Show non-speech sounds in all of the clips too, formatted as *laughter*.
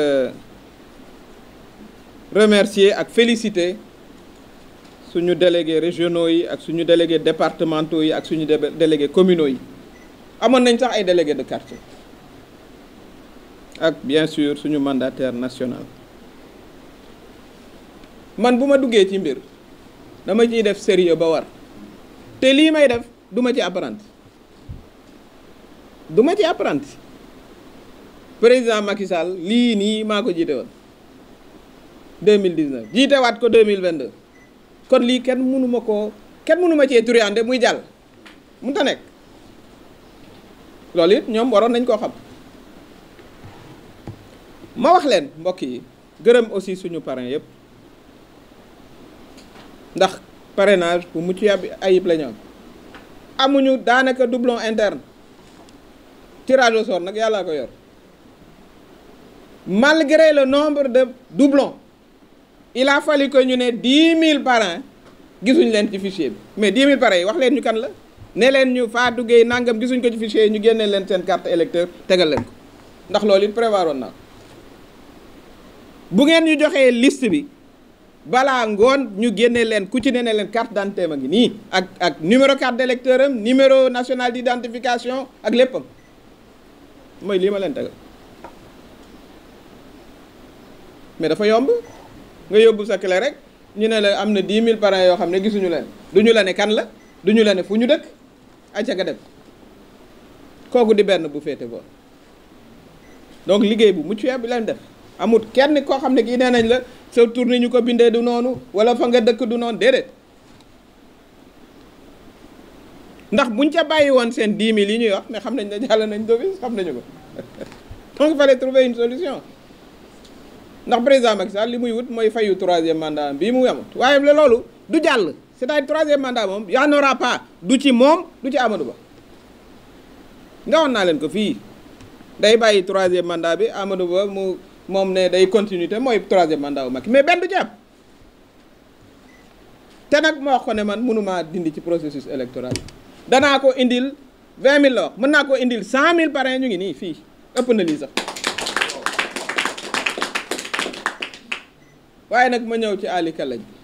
Euh, remercier ak féliciter suñu délégué régionaux yi ak suñu délégué départementaux yi ak suñu délégué communaux yi amoon nañ sax ay délégué de quartier ak bien sûr suñu mandataire national man bu ma duggee ci mbir dama ciy def sérieux ba war te lii may def duma ci apprenti du ma ci apprenti président Macky Sall lii nii maa ko jiite woon 2019 jiitewaat ko 2022 kon lii kenn mënuma koo kenn mënu ma cee turiande muy jàll mun a nekk loolu it ñoom waroon nañ koo xam ma wax leen mbokk yi gërëm aussi suñu parrain yëpp ndax parrainage bu mucc ayib la ñu am amuñu daanaka doublon interne. tirage au nag yàllaa ko yor malgré le nombre de doublons il a fallu que ñu ne dix mille parrains gisuñ leen ci fichier bi mais dix mille parrains yi wax leen ñu kan la ne leen ñu Fatou Gueye nangam gisuñ ko ci fichier yi ñu génne leen seen carte électeur tegal leen ko ndax loolu it prévoir woon naa ko bu ngeen ñu joxee list bi balaa ngoon ñu génne leen ku ci ne ne leen carte d'identité ma ngi nii ak ak numéro carte d'électeur am numéro national d'identification ak léppam mooy lii ma leen tegal mais dafa yomb nga yóbbu sa clé rek ñu ne la am na 10 000 parents yoo xam ne gisuñu leen duñu la ne kan la duñu la ne fu ñu dëkk acca nga def kooku di benn bu féete boor donc liggéey bu mucc bi leen def amut kenn koo xam ne kii nee nañ la sa tournée ñu ko bindee du noonu wala fa nga dëkk du noonu déedéet. ndax bu buñ ca bàyyi woon seen 10 000 yi ñuy wax mais xam nañ ne jàll nañ devise xam nañu ko *laughs* donc fallait trouver une solution ndax président Macky Sall li muy wut mooy fayu troisième mandat bii mu amut waaye la loolu du jàll c'est-à-dire troisième mandat moom yaa en aura pas du ci moom du ci Amadou Ba nga woon naa leen ko fii day bàyyi troisième mandat bi Amadou Ba mu moom ne day continuité mooy troisième mandat bu Macky mais benn du ci am te nag moo wax ne man mënumaa dindi ci processus électoral danaa ko indil vingt mille mën naa ko indil cent mille parrain ñu ngi nii fii ëpp na lii sax waaye nag ma ñëw ci Ali Kalaj bi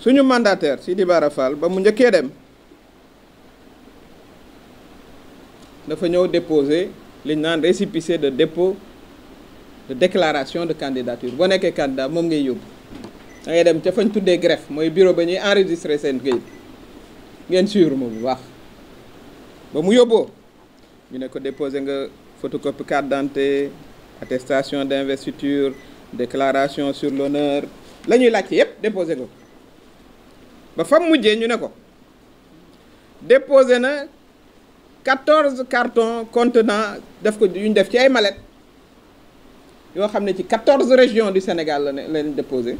suñu mandataire Sidi Bara ba mu njëkkee dem dafa ñëw déposer li ñu naan récépissé de dépôt de déclaration de candidature boo nekkee candidat moom ngay yóbbu da ngay dem ca fañ tuddee greffe mooy bureau ba ñuy enregistrer seen kayit ngeen suivre ma bu baax ba mu yóbboo ñu ne ko déposé nga photocopie carte d'identité attestation d'investiture déclaration sur l'honneur la ñuy laajte yépp déposé nga ba fam mujjee ñu ne ko déposé na quatorze cartons contenant def ko yu ñu def ci ay mallette yoo xam ne ci quatorze régions du Sénégal la ne leen déposé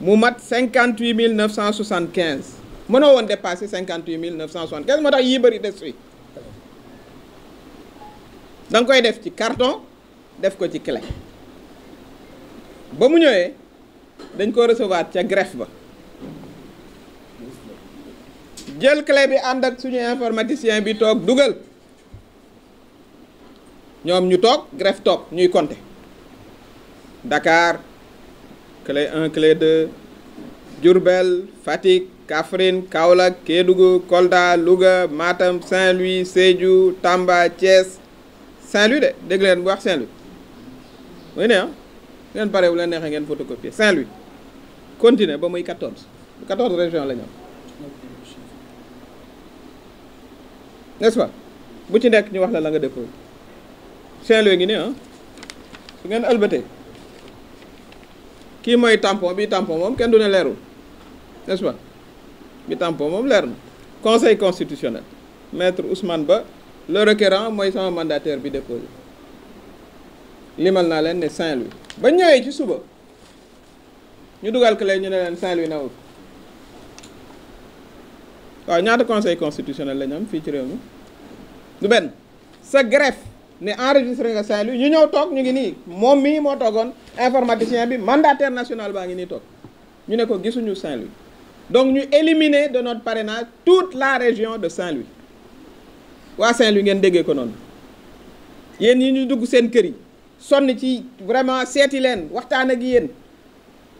mu mat cinquante huit mille neuf cent soixante quinze mënoo woon dépassé cinquante huit mille neuf cent soixante quinze moo tax yii bëri des fi da nga koy def ci carton def ko ci clé ba mu ñëwee dañ koo recevoir ca greffe ba jël clé bi ànd ak suñu informaticien bi toog dugal ñoom ñu toog greffe toog ñuy compter Dakar clé 1 clé de Diourbel Fatick Kaffrine Kaolack Kédougou Kolda Louga Matam Saint-Louis Sédhiou Tamba Thiès Saint-Louis de dégg leen bu wax Saint-Louis muy ne ah ngeen pare bu leen neexee ngeen photocopier Saint-Louis continuer ba muy 14 14 région la ñu n'est-ce pas bu ci nekk ñu wax la la nga dépose Saint-Louis ngi ne ah su ngeen ëlbatee kii mooy tampon bi tampon moom kenn du ne leerul n'est-ce pas bi tampon moom leer na conseil constitutionnel maître Ousmane Ba le requérant mooy sama mandataire bi de déposé limal naa leen ne Saint-Louis ba ñëwee ci suba ñu dugal ko ñu ne leen Saint-Louis na waaw ñaata conseil constitutionnel la am fii ci réew mi du benn sa greffe ne enregistré nga Saint-Louis ñu ñëw toog ñu ngi nii moom mii moo toogoon informaticien bi mandataire national baa ngi nii toog ñu ne ko gisuñu Saint-Louis donc ñu éliminer de notre parrainage toute la région de Saint-Louis waa Saint-Louis ngeen déggee ko noonu yéen yi ñu dugg seen kër yi sonn ci vraiment seeti leen waxtaan ak yéen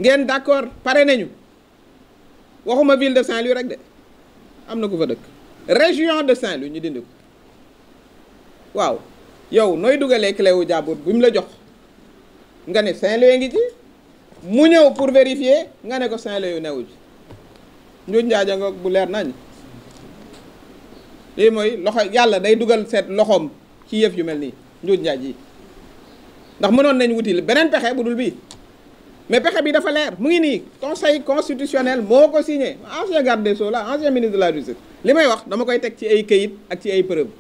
ngeen d'accord pare nañu waxuma ville de Saint-Louis rek de am na ku fa dëkk région de Saint-Louis ñu dindi ko waaw yow nooy dugalee clé wu jàmbur bi mu la jox nga ne Saint-Louis ngi ci mu ñëw pour vérifier nga ne ko Saint-Louis newu ci njuuj a nga bu leer nañ lii mooy loxo yàlla day dugal seet loxoom ci yëf yu mel nii njuuj njaaj yi ndax mënoon nañ wuti beneen pexe bu dul bii mais pexe bi dafa leer mu ngi nii conseil constitutionnel moo ko signé ancien garde des sceaux la ministre de la justice li may wax dama koy teg ci ay kayit ak ci ay preuve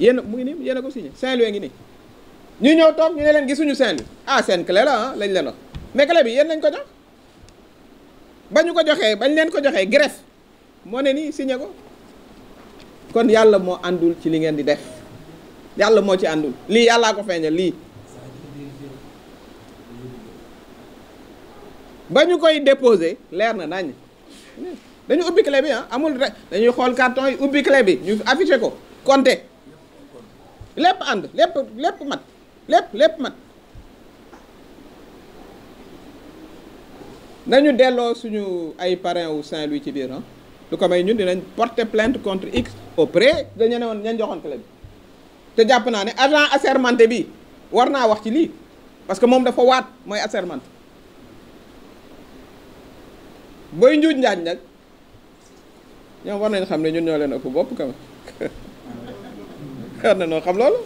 yéen mu ngi nii yéen a ko signé Saint-Louis ngi nii ñuy ñëw toog ñu ne leen gisuñu Saint-Louis ah seen clé la ah, lañ leen wax mais clé bi yéen lañ ko jox ba ñu ko joxee bañ leen ko joxee greffe moo ne nii signé ko kon yàlla moo àndul ci li ngeen di def yàlla moo ci àndul lii yàllaa ko feeñal lii ba ñu koy déposé leer na nañ dañu ubbi clé bi ah amul dañuy xool carton yi ubbi clé bi ñu affiché ko compté lépp ànd lépp lépp mat lépp lépp mat nañu delloo suñu ay parrain wu Saint-Louis ci biir ah lu ko may ñun dinañ porter plainte contre X auprès de ña ne woon ña joxoon club bi te jàpp naa ne agent assermenté bi war naa wax ci lii parce que moom dafa waat mooy assermenté booy njuuj njaaj nag ñoom war nañ xam ne ñun ñoo leen ëpp bopp kam *laughs* war na noo xam loolu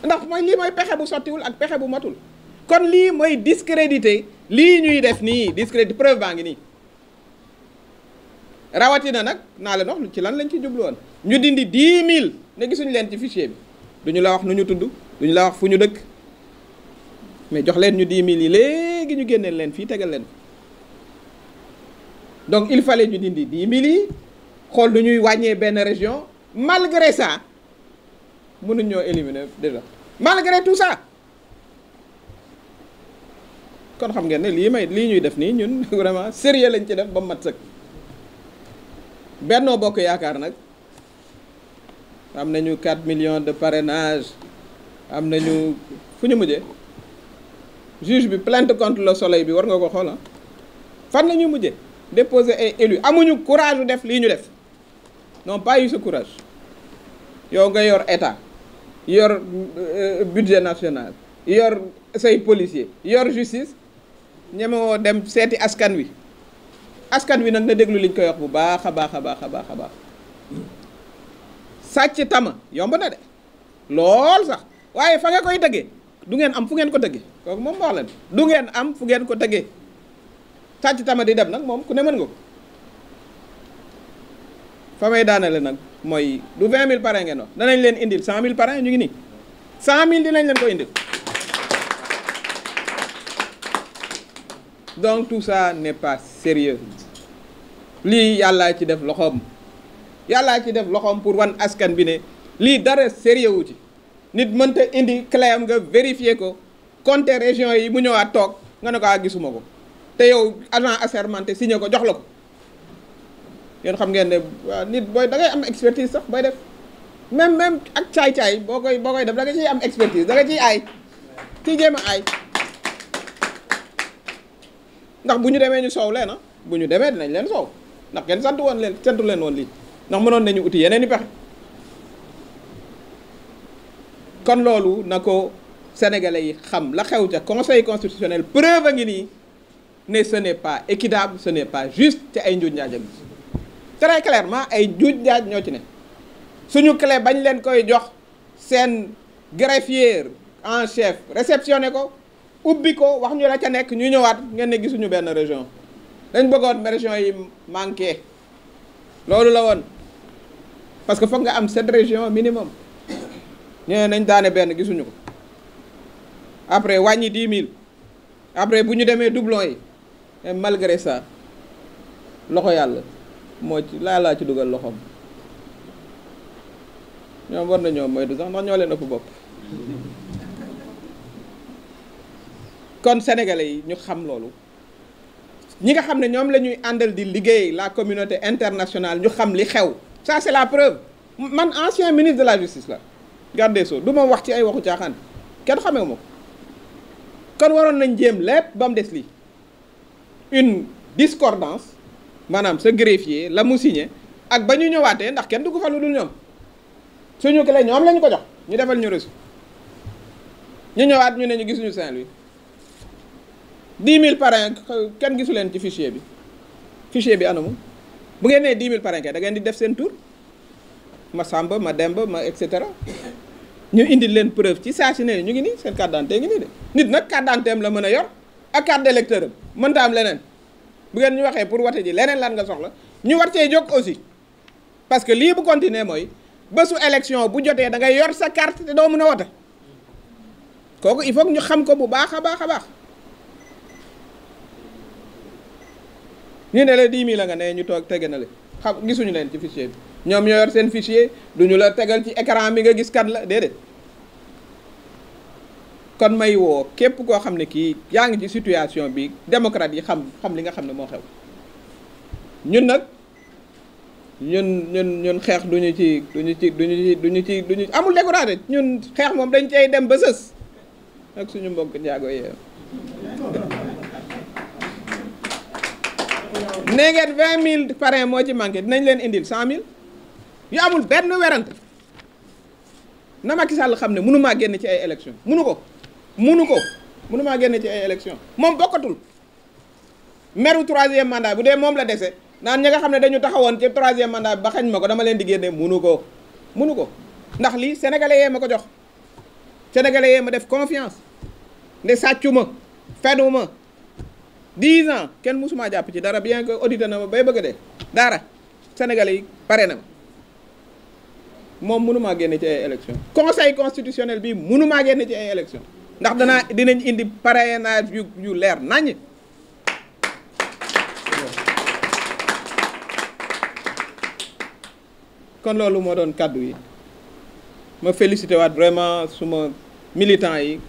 ndax mooy lii mooy pexe bu sottiwul ak pexe bu matul kon lii mooy discrédité lii ñuy def nii discrédit preuve baa ngi nii rawatina nag naa leen wax ci lan lañ ci jublu woon ñu dindi 10 000 ne gisuñu leen ci fichier bi duñu la wax nu ñu tudd duñu la wax fu ñu dëkk mais jox leen ñu 10 000 yi léegi ñu génneel leen fii tegal leen donc il fallait ñu dindi 10 000 yi xool du ñuy wàññee benn région malgré ça mënuñ ñoo éliminer déjà malgré tout ça kon xam ngeen ne lii may lii ñuy def nii ñun *laughs* vraiment sérieux lañ ci def ba mu mat sëkk Benno Bokk Yaakaar nag am nañu 4 millions de parrainage am nañu fu ñu mujjee juge bi plainte contre le soleil bi war nga ko xool ah. fan la ñuy mujjee déposer ay élus amuñu courage def lii ñu def non pas eu courage yow nga yor état yor euh, budget national yor say policier yor justice ñemewoo dem seeti askan wi askan wi nag na déglu liñ koy wax bu baax a baax a baax a baax a baax sàcc tama yomb na de lool sax waaye fa nga koy tëggee du ngeen am fu ngeen ko tëggee kooku moom wax la du ngeen am fu ngeen ko tëggee sàcc tama di dem nag moom ku ne mën nga ko fa may daanale nag mooy du 20 000 parrain ngeen wax danañ leen indil cent 000 parrain ñu ngi nii 100 mille dinañ leen ko indil. donc tout ça ne pas sérieux lii yàllaa ci def loxoom yàllaa ci def loxoom pour wan askan bi ne lii dara sérieux wu ci nit mënta indi clé am nga vérifier ko compter région yi mu ñëwaat toog nga ne ko a ah, gisuma ko te yow agent assermenté signé ko jox la ko yéen xam ngeen ne nit booy da ngay am expertise sax booy def même même ak caay-caay boo koy boo koy def da nga ciy am expertise danga ci ciy aay ciy jéem a aay ndax bu ñu demee ñu soow leen ah, bu ñu demee dinañ leen soow ndax kenn sant woon leen santu leen woon lii ndax mënoon nañu uti yeneen i pexe kon loolu na ko sénégalais yi xam la xew ca conseil constitutionnel preuve a ngi nii ne ce n'est pas équitable ce n'est pas juste te ay njuuj njaaj très clairement ay njuuj njaaj ñoo ci ne suñu clé bañ leen koy jox seen greffier en chef réceptionné ko ubbi ko wax ñu la ca nekk ñu ñëwaat ngeen ne gisuñu benn région dañ bëggoon mais région yi manqué loolu la woon parce que foog nga am sept région minimum ñu ne nañ daane benn gisuñu ko après wàññi dix mille après bu ñu demee doublon yi malgré ça loxo yàlla moo ci laa laa ci dugal loxoom ñoom war nañoo moytu sax ndax ñoo leen ëpp bopp. kon sénégalais yi ñu xam loolu ñi nga xam ne ñoom la ñuy àndal di liggéey la communauté internationale ñu xam li xew ça c'est la preuve man ancien ministre de la justice la garde des Sceaux du ma wax ci ay waxu caaxaan kenn xamee ma ko kon waroon nañ jéem lépp ba mu des lii une discordance maanaam sa greffier la mu signé ak ba ñu ñëwaatee ndax kenn du ko fa lu dul ñoom suñu clé ñoom la ñu ko jox ñu defal ñu reçu ñu ñëwaat ñu ne ñu gisuñu Saint-Louis dix mille parrain kenn gisu leen ci fichier bi fichier bi anamu bu ngeen nee dix mille parrain kay da ngeen di def seen tur ma Samba ma Demba ma et cetera ñu indi leen preuve ci saa si ne ñu ngi nii seen carte ngi nii de nit nag carte am la mën a yor ak carte d'électeur am mënta am leneen bu ngeen ñu waxee pour wate ji leneen lan nga soxla ñu war cee jóg aussi parce que lii bu continuer mooy bésu élection bu jotee da ngay yor sa carte te doo mën a wote kooku il faut ñu xam ko bu baax a baax a baax. ñu ne la 10 000 la nga ne ñu toog tege na le xam gisuñu leen ci fichier bi ñoom ñoo yor seen fichier duñu la tegal ci écran bi nga gis kan la déedéet kon may woo képp koo xam ne kii yaa ngi ci situation bi démocrate yi xam xam li nga xam ne moo xew ñun nag ñun ñun ñun xeex duñu ci duñu ci duñu ci duñu ci duñu amul découragé ñun xeex moom dañ cay dem ba sës suñu mbokk njaago yee nee ngeen vingt mille parrain moo ci manqué dinañ leen indil cent mille yu amul benn werante na Macky Sall xam ne munu maa ci ay élection munu ko munu ko munu maa génn ci ay élection moom bokkatul meru troisième mandat bu dee moom la dese naan ñi nga xam ne dañu taxawoon ci troisième mandat ba xañ ma ko dama leen di génne munu ko munu ko ndax lii sénégalais yee ma ko jox sénégalais yee ma def confiance nde sàccu ma ma dix ans kenn mësumaa jàpp ci dara bien que audité na ma bay bëgg dee dara sénégal yi pare na ma moom mënumaa génne ci ay élection conseil constitutionnel bi mënumaa génne ci ay élection ndax danaa dinañ indi pare naa yu yu leer naññ kon loolu moo doon kàddu yi ma félicité waat vraiment suma militants yi